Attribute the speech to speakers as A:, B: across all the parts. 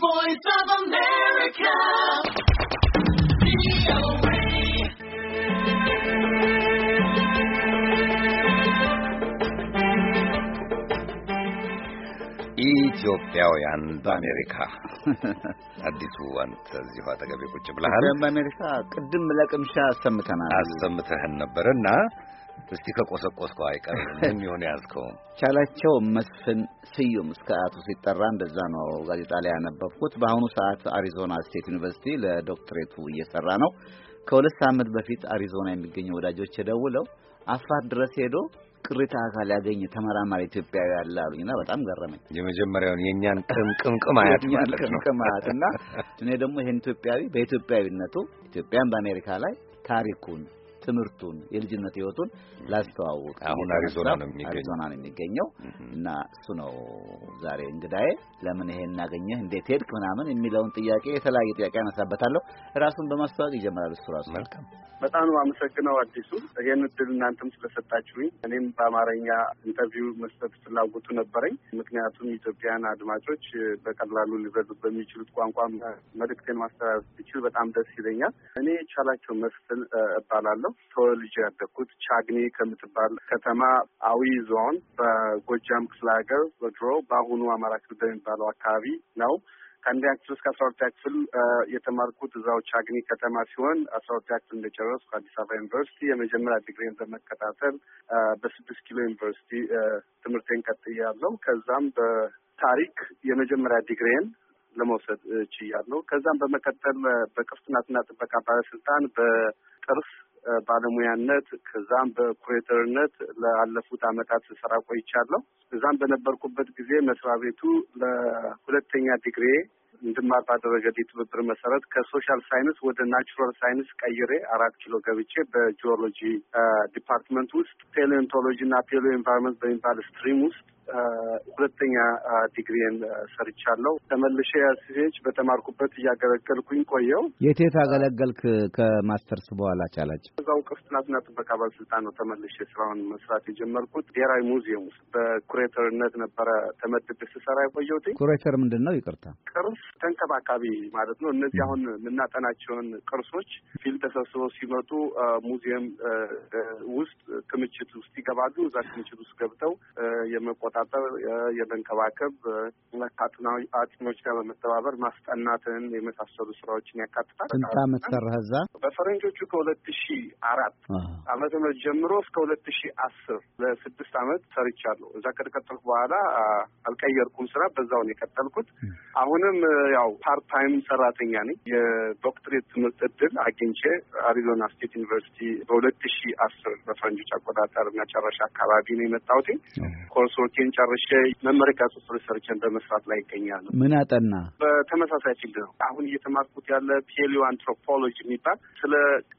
A: voice of America. ኢትዮጵያውያን በአሜሪካ
B: አዲሱ አንተ እዚሁ አጠገቤ ቁጭ ብለሃል።
A: በአሜሪካ ቅድም ለቅምሻ አሰምተናል
B: አሰምተህን ነበርና እስቲ ከቆሰቆስከው አይቀር ይሆን
A: ያዝከው። ቻላቸው መስፍን ስዩም እስከ አቶ ሲጠራ እንደዛ ነው ጋዜጣ ላይ ያነበብኩት። በአሁኑ ሰዓት አሪዞና ስቴት ዩኒቨርሲቲ ለዶክትሬቱ እየሰራ ነው። ከሁለት ሳምንት በፊት አሪዞና የሚገኙ ወዳጆች ደውለው አፋር ድረስ ሄዶ ቅሪተ አካል ያገኘ ተመራማሪ ኢትዮጵያዊ ያለ አሉኝና በጣም ገረመኝ።
B: የመጀመሪያውን የእኛን ቅምቅም አያት ማለት ነው ቅምቅማት እና
A: እኔ ደግሞ ይሄን ኢትዮጵያዊ በኢትዮጵያዊነቱ ኢትዮጵያን በአሜሪካ ላይ ታሪኩን ትምህርቱን የልጅነት ህይወቱን ላስተዋውቅ። አሁን አሪዞና ነው የሚገኘው አሪዞና ነው የሚገኘው እና እሱ ነው ዛሬ እንግዳዬ። ለምን ይሄን እናገኘህ እንዴት ሄድክ ምናምን የሚለውን ጥያቄ የተለያየ ጥያቄ አነሳበታለሁ። ራሱን በማስተዋወቅ ይጀምራል እሱ ራሱ። መልካም
B: በጣም አመሰግነው አዲሱ፣ ይህን እድል እናንተም ስለሰጣችሁኝ። እኔም በአማርኛ ኢንተርቪው መስጠት ፍላጎቱ ነበረኝ። ምክንያቱም ኢትዮጵያን አድማጮች በቀላሉ ሊረዱት በሚችሉት ቋንቋ መልእክቴን ማስተላለፍ ብችል በጣም ደስ ይለኛል። እኔ የቻላቸው መስፍን እባላለሁ። ተወልጄ ያደግኩት ቻግኒ ከምትባል ከተማ አዊ ዞን በጎጃም ክፍለ ሀገር በድሮ በአሁኑ አማራ ክልል በሚባለው አካባቢ ነው። ከአንደኛ ክፍል እስከ አስራ ሁለተኛ ክፍል የተማርኩት እዛው ቻግኒ ከተማ ሲሆን አስራ ሁለተኛ ክፍል እንደጨረስኩ አዲስ አበባ ዩኒቨርሲቲ የመጀመሪያ ዲግሪን በመከታተል በስድስት ኪሎ ዩኒቨርሲቲ ትምህርቴን ቀጥያለሁ። ከዛም በታሪክ የመጀመሪያ ዲግሪን ለመውሰድ ችያለሁ። ከዛም በመቀጠል በቅርስ ጥናትና ጥበቃ ባለስልጣን በቅርስ ባለሙያነት ከዛም በኩሬተርነት ላለፉት አመታት ስሰራ ቆይቻለሁ። እዛም በነበርኩበት ጊዜ መስሪያ ቤቱ ለሁለተኛ ዲግሪ እንድማር ባደረገልኝ ትብብር መሰረት ከሶሻል ሳይንስ ወደ ናቹራል ሳይንስ ቀይሬ አራት ኪሎ ገብቼ በጂኦሎጂ ዲፓርትመንት ውስጥ ፔሊዮንቶሎጂ እና ፔሊዮ ኤንቫይሮንመንት በሚባል ስትሪም ውስጥ ሁለተኛ ዲግሪን ሰርቻለሁ። ተመልሼ ያስሄጅ በተማርኩበት እያገለገልኩኝ ቆየው።
A: የት አገለገልክ? ከማስተርስ በኋላ ቻላች
B: እዛው ቅርስ ጥበቃ ባለስልጣን ነው ተመልሼ ስራውን መስራት የጀመርኩት። ብሔራዊ ሙዚየም ውስጥ በኩሬተርነት ነበረ ተመድቤ ስሰራ የቆየሁት።
A: ኩሬተር ምንድን ነው? ይቅርታ
B: ቅርስ ተንከባካቢ ማለት ነው። እነዚህ አሁን የምናጠናቸውን ቅርሶች ፊል ተሰብስበው ሲመጡ ሙዚየም ውስጥ ክምችት ውስጥ ይገባሉ። እዛ ክምችት ውስጥ ገብተው የመቆ የመቆጣጠር፣ የመንከባከብ ከአጥኚዎች ጋር በመተባበር ማስጠናትን የመሳሰሉ ስራዎችን ያካትታል። ስንት ዓመት ሰራህ እዛ? በፈረንጆቹ ከሁለት ሺ አራት ዓመተ ምህረት ጀምሮ እስከ ሁለት ሺ አስር ለስድስት ዓመት ሰርቻለሁ። እዛ ከተቀጠልኩ በኋላ አልቀየርኩም ስራ፣ በዛውን የቀጠልኩት። አሁንም ያው ፓርት ታይም ሰራተኛ ነኝ። የዶክትሬት ትምህርት እድል አግኝቼ አሪዞና ስቴት ዩኒቨርሲቲ በሁለት ሺ አስር በፈረንጆች አቆጣጠር መጨረሻ አካባቢ ነው የመጣሁት። ኮርሶች ትምህርቴን ጨርሼ መመረቂያ ጽሑፍ ሪሰርችን በመስራት ላይ ይገኛሉ። ምን አጠና? በተመሳሳይ ችግር ነው አሁን እየተማርኩት ያለ ፔሊዮ አንትሮፖሎጂ የሚባል ስለ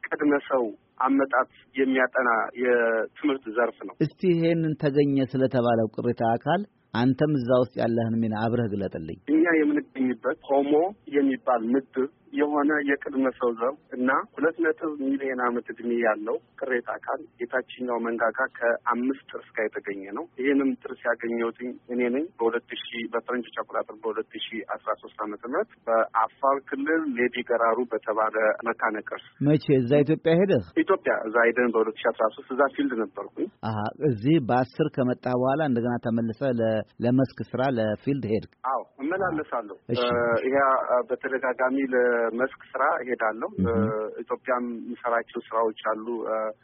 B: ቅድመ ሰው አመጣት የሚያጠና የትምህርት ዘርፍ ነው።
A: እስቲ ይሄንን ተገኘ ስለተባለው ቅሪተ አካል አንተም እዛ ውስጥ ያለህን ሚና አብረህ ግለጥልኝ።
B: እኛ የምንገኝበት ሆሞ የሚባል ምድብ የሆነ የቅድመ ሰው ዘር እና ሁለት ነጥብ ሚሊዮን ዓመት እድሜ ያለው ቅሬታ አካል የታችኛው መንጋጋ ከአምስት ጥርስ ጋር የተገኘ ነው። ይህንም ጥርስ ያገኘውት እኔ ነኝ በሁለት ሺ በፈረንጆች አቆጣጠር በሁለት ሺ አስራ ሶስት ዓመተ ምህረት በአፋር ክልል ሌዲ ገራሩ በተባለ መካነ ቅርስ
A: መቼ እዛ ኢትዮጵያ ሄደህ
B: ኢትዮጵያ እዛ ሄደን በሁለት ሺ አስራ ሶስት እዛ ፊልድ ነበርኩኝ።
A: አሀ እዚህ በአስር ከመጣ በኋላ እንደገና ተመልሰ ለመስክ ስራ ለፊልድ ሄድ?
B: አዎ እመላለሳለሁ። ይሄ በተደጋጋሚ መስክ ስራ እሄዳለሁ። ኢትዮጵያም የምሰራቸው ስራዎች አሉ።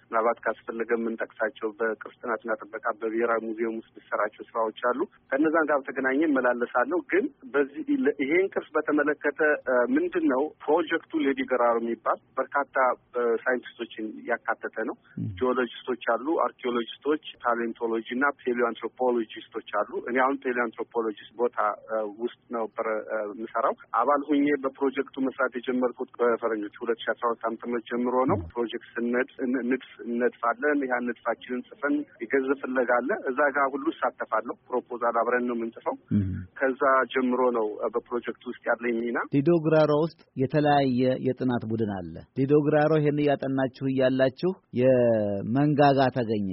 B: ምናልባት ካስፈለገ የምንጠቅሳቸው በቅርስ ጥናትና ጥበቃ በብሔራዊ ሙዚየም ውስጥ የምሰራቸው ስራዎች አሉ። ከእነዛን ጋር በተገናኘ እመላለሳለሁ። ግን በዚህ ይሄን ቅርስ በተመለከተ ምንድን ነው ፕሮጀክቱ ሌዲ ገራሩ የሚባል በርካታ ሳይንቲስቶችን ያካተተ ነው። ጂኦሎጂስቶች አሉ፣ አርኪኦሎጂስቶች፣ ፓሌንቶሎጂ እና ፔሊአንትሮፖሎጂስቶች አሉ። እኔ አሁን ፔሊአንትሮፖሎጂስት ቦታ ውስጥ ነበረ የምሰራው አባል ሁኜ በፕሮጀክቱ መስራት መስራት የጀመርኩት በፈረንጆች ሁለት ሺ አስራ ሁለት ዓመተ ምህረት ጀምሮ ነው። ፕሮጀክት ስነድ ንድፍ እነድፋለን። ያ ንድፋችንን ጽፈን የገንዘብ ፍለጋ አለ። እዛ ጋር ሁሉ እሳተፋለሁ። ፕሮፖዛል አብረን ነው የምንጽፈው። ከዛ ጀምሮ ነው በፕሮጀክት ውስጥ ያለኝ ሚና።
A: ሊዶግራሮ ውስጥ የተለያየ የጥናት ቡድን አለ። ግራሮ ይህን እያጠናችሁ እያላችሁ የመንጋጋ ተገኘ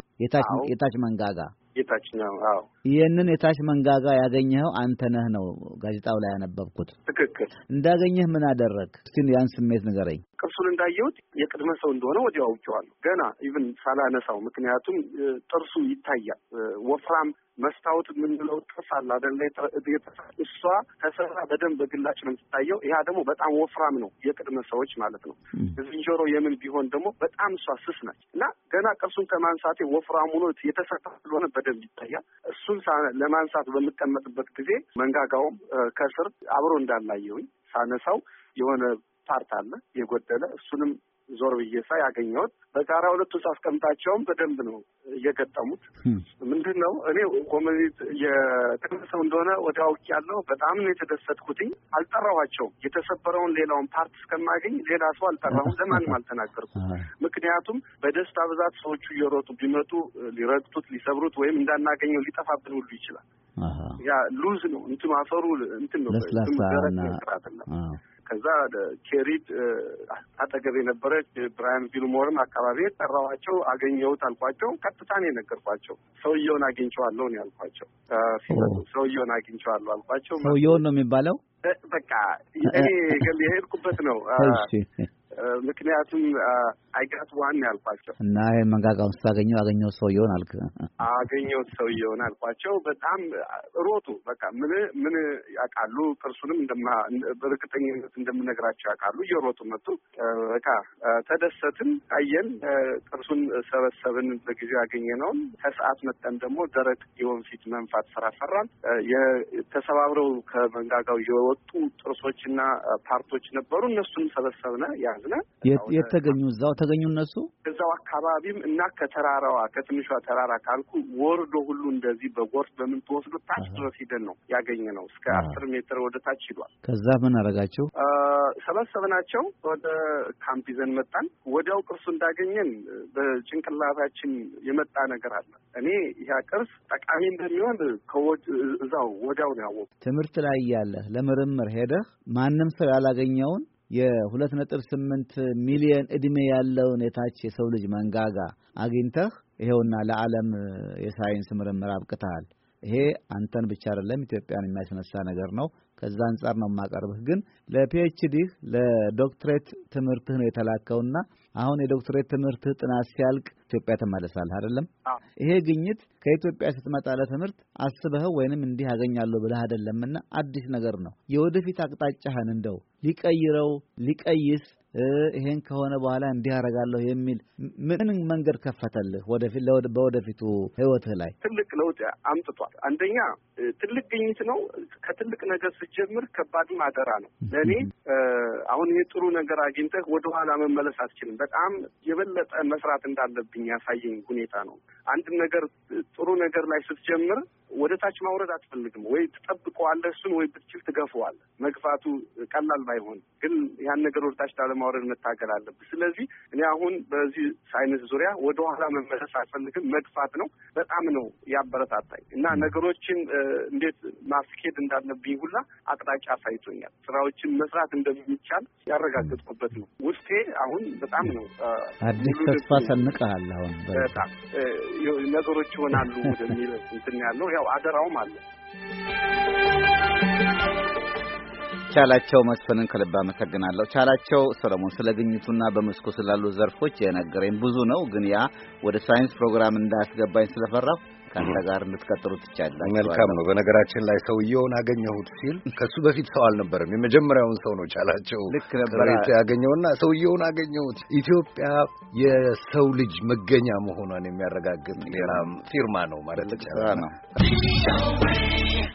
A: የታች መንጋጋ
B: የታች ነው። አዎ
A: ይህንን የታች መንጋጋ ያገኘኸው አንተ ነህ ነው ጋዜጣው ላይ ያነበብኩት። ትክክል። እንዳገኘህ ምን አደረግ? እስቲ ያን ስሜት ንገረኝ።
B: ቅርሱን እንዳየሁት የቅድመ ሰው እንደሆነ ወዲያው አውቄዋለሁ። ገና ኢቭን ሳላነሳው፣ ምክንያቱም ጥርሱ ይታያል። ወፍራም መስታወት የምንለው ጥርስ አለ አደለ? እሷ ተሰራ በደንብ በግላጭ ነው የምትታየው። ይህ ደግሞ በጣም ወፍራም ነው፣ የቅድመ ሰዎች ማለት ነው። ዝንጀሮ የምን ቢሆን ደግሞ በጣም እሷ ስስ ነች እና ገና ቅርሱን ከማንሳቴ ወፍራም ሆኖ የተሰራ ስለሆነ በደንብ ይታያል። እሱን ለማንሳት በምቀመጥበት ጊዜ መንጋጋውም ከስር አብሮ እንዳላየውኝ ሳነሳው የሆነ ፓርት አለ የጎደለ እሱንም ዞር ብዬ ሳይ ያገኘሁት በጋራ ሁለቱ አስቀምጣቸውም በደንብ ነው እየገጠሙት። ምንድን ነው እኔ ኮሚኒት የሰው እንደሆነ ወደ አውቅ ያለው በጣም ነው የተደሰትኩትኝ። አልጠራኋቸውም። የተሰበረውን ሌላውን ፓርት እስከማገኝ ሌላ ሰው አልጠራሁም፣ ለማንም አልተናገርኩም። ምክንያቱም በደስታ ብዛት ሰዎቹ እየሮጡ ቢመጡ ሊረግጡት፣ ሊሰብሩት ወይም እንዳናገኘው ሊጠፋብን ሁሉ ይችላል። ያ ሉዝ ነው እንትኑ አፈሩ እንትን ነው ለስላሳ ከዛ ኬሪድ አጠገብ የነበረች ብራያን ቢልሞርም አካባቢ የጠራዋቸው አገኘሁት አልኳቸው። ቀጥታ ነው የነገርኳቸው። ሰውየውን አግኝቼዋለሁ ነው ያልኳቸው። ሰውየውን አግኝቼዋለሁ አልኳቸው።
A: ሰውየውን ነው የሚባለው
B: በቃ እኔ የሄድኩበት ነው ምክንያቱም አይጋት ዋን ያልኳቸው
A: እና ይህን መንጋጋውን ስታገኘው አገኘው ሰው ይሆን አልክ
B: አገኘው ሰው ይሆን አልኳቸው። በጣም ሮቱ። በቃ ምን ምን ያውቃሉ። ቅርሱንም እንደማ በእርግጠኝነት እንደምነግራቸው ያውቃሉ። እየሮጡ መጡ። በቃ ተደሰትን፣ አየን። ቅርሱን ሰበሰብን። በጊዜው ያገኘ ነውን ከሰዓት መጠን ደግሞ ደረቅ የወንፊት መንፋት ስራ ሰራን። ተሰባብረው ከመንጋጋው የወጡ ጥርሶችና ፓርቶች ነበሩ። እነሱን ሰበሰብነ ያዘ ተጓዝነ።
A: የተገኙ እዛው ተገኙ እነሱ
B: እዛው አካባቢም እና ከተራራዋ ከትንሿ ተራራ ካልኩ ወርዶ ሁሉ እንደዚህ በጎርፍ በምን ተወስዶ ታች ድረስ ሂደን ነው ያገኘ ነው። እስከ አስር ሜትር ወደ ታች ሂዷል።
A: ከዛ ምን አረጋችሁ?
B: ሰበሰብናቸው ወደ ካምፕ ይዘን መጣን። ወዲያው ቅርሱ እንዳገኘን በጭንቅላታችን የመጣ ነገር አለ። እኔ ያ ቅርስ ጠቃሚ እንደሚሆን እዛው ወዲያው ነው ያወቁ።
A: ትምህርት ላይ ያለ ለምርምር ሄደህ ማንም ሰው ያላገኘውን የ2.8 ሚሊዮን ዕድሜ ያለውን የታች የሰው ልጅ መንጋጋ አግኝተህ ይሄውና ለዓለም የሳይንስ ምርምር አብቅተሃል። ይሄ አንተን ብቻ አይደለም ኢትዮጵያን የሚያስነሳ ነገር ነው። ከዛ አንጻር ነው የማቀርብህ። ግን ለፒኤችዲህ ለዶክትሬት ትምህርትህ ነው የተላከውና አሁን የዶክትሬት ትምህርትህ ጥናት ሲያልቅ ኢትዮጵያ ትመለሳለህ አይደለም? ይሄ ግኝት ከኢትዮጵያ ስትመጣ ለትምህርት አስበህ ወይንም እንዲህ ያገኛለሁ ብለህ አይደለምና አዲስ ነገር ነው። የወደፊት አቅጣጫህን እንደው ሊቀይረው ሊቀይስ ይሄን ከሆነ በኋላ እንዲህ አደርጋለሁ የሚል ምን መንገድ ከፈተልህ? ወደፊት በወደፊቱ ህይወትህ ላይ
B: ትልቅ ለውጥ አምጥቷል። አንደኛ ትልቅ ግኝት ነው። ከትልቅ ነገር ስትጀምር ከባድ ማደራ ነው። ለእኔ አሁን ይህ ጥሩ ነገር አግኝተህ ወደኋላ መመለስ አትችልም። በጣም የበለጠ መስራት እንዳለብኝ ያሳየኝ ሁኔታ ነው። አንድ ነገር ጥሩ ነገር ላይ ስትጀምር ወደ ታች ማውረድ አትፈልግም። ወይ ትጠብቀዋለህ እሱን፣ ወይ ብትችል ትገፈዋለህ። መግፋቱ ቀላል ባይሆን ግን ያን ነገር ወደ ታች ላለማ ለማውረድ መታገል አለብን። ስለዚህ እኔ አሁን በዚህ ሳይንስ ዙሪያ ወደኋላ መመለስ አልፈልግም። መግፋት ነው በጣም ነው ያበረታታኝ እና ነገሮችን እንዴት ማስኬድ እንዳለብኝ ሁላ አቅጣጫ አሳይቶኛል። ስራዎችን መስራት እንደሚቻል ያረጋገጥኩበት ነው። ውስጤ አሁን በጣም ነው
A: አዲስ ተስፋ ሰንቀሃል። አሁን በጣም
B: ነገሮች ይሆናሉ ወደሚል እንትን ያለው ያው አደራውም አለ።
A: ቻላቸው መስፍንን ከልብ አመሰግናለሁ። ቻላቸው ሰለሞን፣ ስለ ግኝቱና በመስኩ ስላሉ ዘርፎች የነገረኝ ብዙ ነው፣ ግን ያ ወደ ሳይንስ ፕሮግራም እንዳያስገባኝ ስለፈራሁ ከአንተ ጋር እንድትቀጥሉ
B: ትቻላል። መልካም ነው። በነገራችን ላይ ሰውየውን አገኘሁት ሲል ከሱ በፊት ሰው አልነበረም። የመጀመሪያውን ሰው ነው ቻላቸው ልክ ነበር ያገኘውና ሰውየውን አገኘሁት። ኢትዮጵያ የሰው ልጅ መገኛ መሆኗን የሚያረጋግጥ ሌላ ፊርማ ነው ማለት ይቻላል።